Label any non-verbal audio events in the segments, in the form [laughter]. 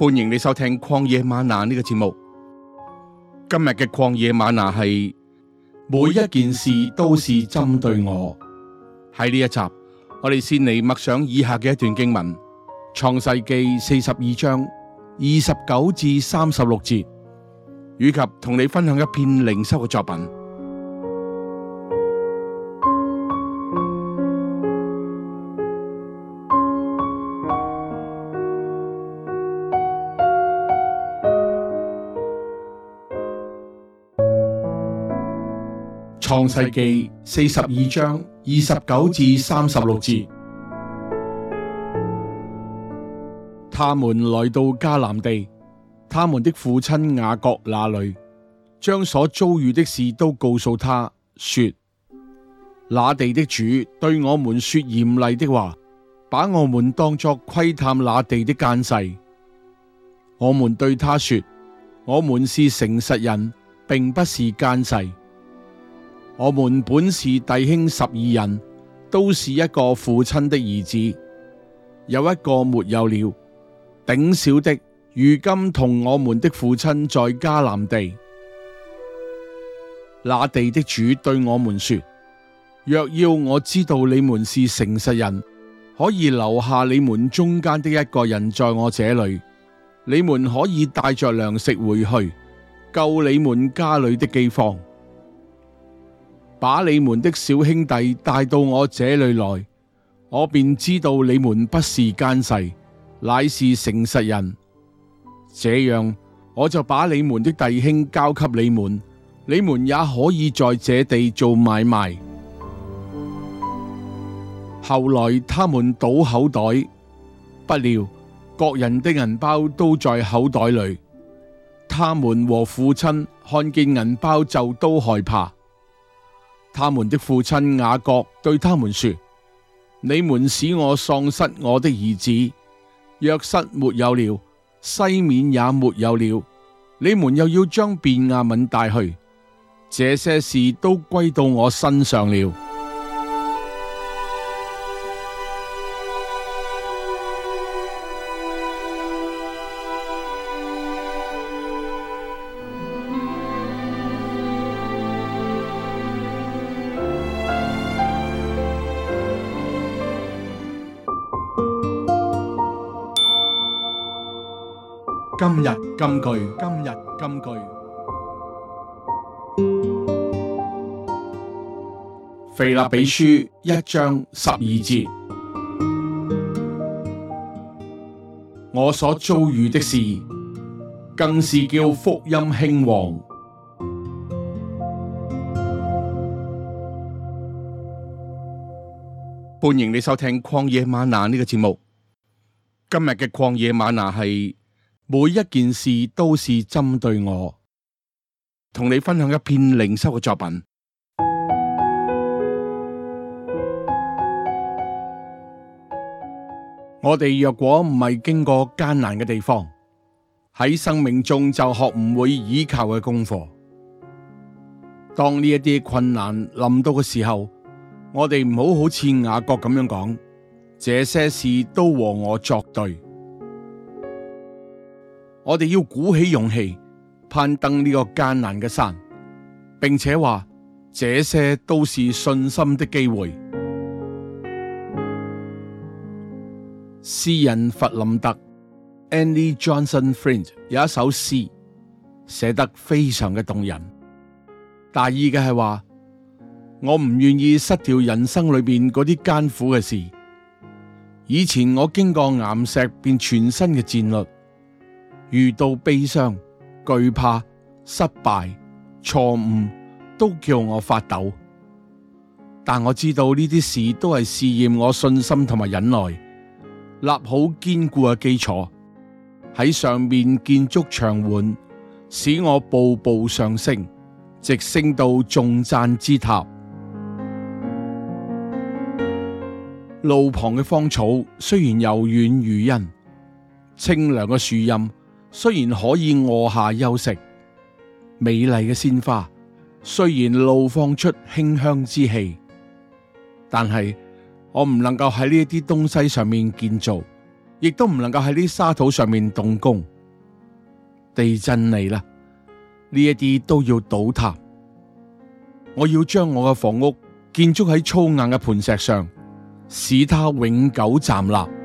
歡迎你收聽曠野嗎哪呢、這個節目。今日嘅曠野嗎哪係每一件事都是針對我。喺呢一,一集，我哋先嚟默想以下嘅一段經文《創世記》四十二章二十九至三十六節，以及同你分享一篇靈修嘅作品。創世記四十二章二十九至三十六節：「他們來到迦南地，他們的父親雅各那裏，將所遭遇的事都告訴他說：那地的主對我們說嚴厲的話，把我們當作窺探那地的奸細。我們對他說：我們是誠實人，並不是奸細。我們本是弟兄十二人，都是一個父親的兒子。有一個沒有了，頂小的，如今同我們的父親在迦南地。那地的主對我們說：若要我知道你們是誠實人，可以留下你們中間的一個人在我這裏，你們可以帶着糧食回去，救你們家裏的饑荒。把你們的小兄弟帶到我這裏來，我便知道你們不是奸細，乃是誠實人。這樣我就把你們的弟兄交給你們，你們也可以在這地做買賣。後來他們倒口袋，不料各人的銀包都在口袋裏。他們和父親看見銀包就都害怕。他們的父親雅各對他們說：你們使我喪失我的兒子，約瑟沒有了，西緬也沒有了，你們又要將便雅憫帶去，這些事都歸到我身上了。今日金句，今日金句。腓立比書一章十二節，我所遭遇的事，更是叫福音興旺。歡迎你收聽曠野嗎哪呢個節目。今日嘅曠野嗎哪係。每一件事都是針對我，同你分享一篇靈修嘅作品。 [music] 我哋若果唔係經過艱難嘅地方，喺生命中就學唔會依靠嘅功課。當呢一啲困難臨到嘅時候，我哋唔好好似雅各咁樣講，這些事都和我作對。我哋要鼓起勇氣攀登呢個艱難嘅山，並且話，這些都是信心的機會。 [music] 詩人弗林特 （Annie Johnson Flint） 有一首詩寫得非常嘅動人，大意嘅係話：我唔願意失掉人生裏邊嗰啲艱苦嘅事。以前我經過岩石，變全新嘅戰略。遇到悲傷、懼怕、失敗、錯誤，都叫我發抖。但我知道呢啲事都係試驗我信心同埋忍耐，立好堅固嘅基礎，喺上面建築牆垣，使我步步上升，直升到重讚之塔。路旁嘅芳草雖然柔軟如茵，清涼嘅樹蔭。雖然可以卧下休息，美麗嘅鮮花雖然怒放出馨香之氣，但係我唔能夠喺呢一啲東西上面建造，亦都唔能夠喺呢沙土上面動工。地震嚟啦，呢一啲都要倒塌。我要將我嘅房屋建築喺粗硬嘅磐石上，使它永久站立。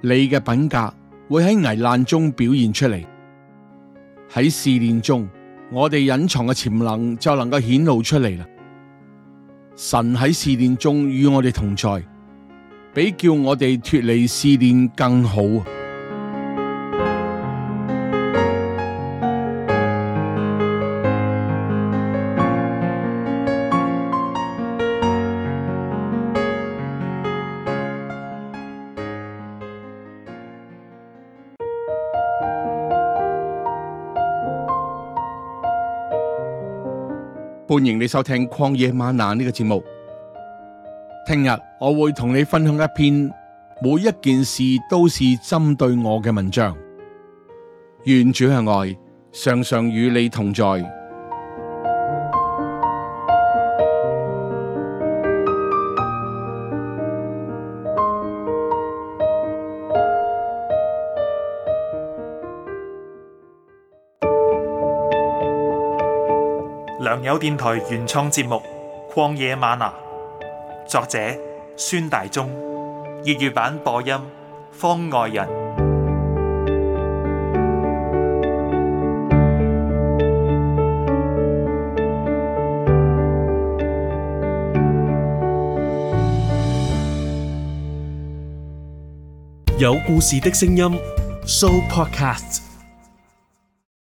你嘅品格會喺危難中表現出嚟，喺試煉中，我哋隱藏嘅潛能就能夠顯露出嚟啦。神喺試煉中與我哋同在，比叫我哋脫離試煉更好。歡迎你收聽曠野嗎哪呢個節目。聽日我會同你分享一篇每一件事都是針對我嘅文章。願主嘅愛常常與你同在。良友電台原創節目《曠野嗎哪》，作者孫大中，粵語版播音方外人，有故事的聲音，Show Podcast。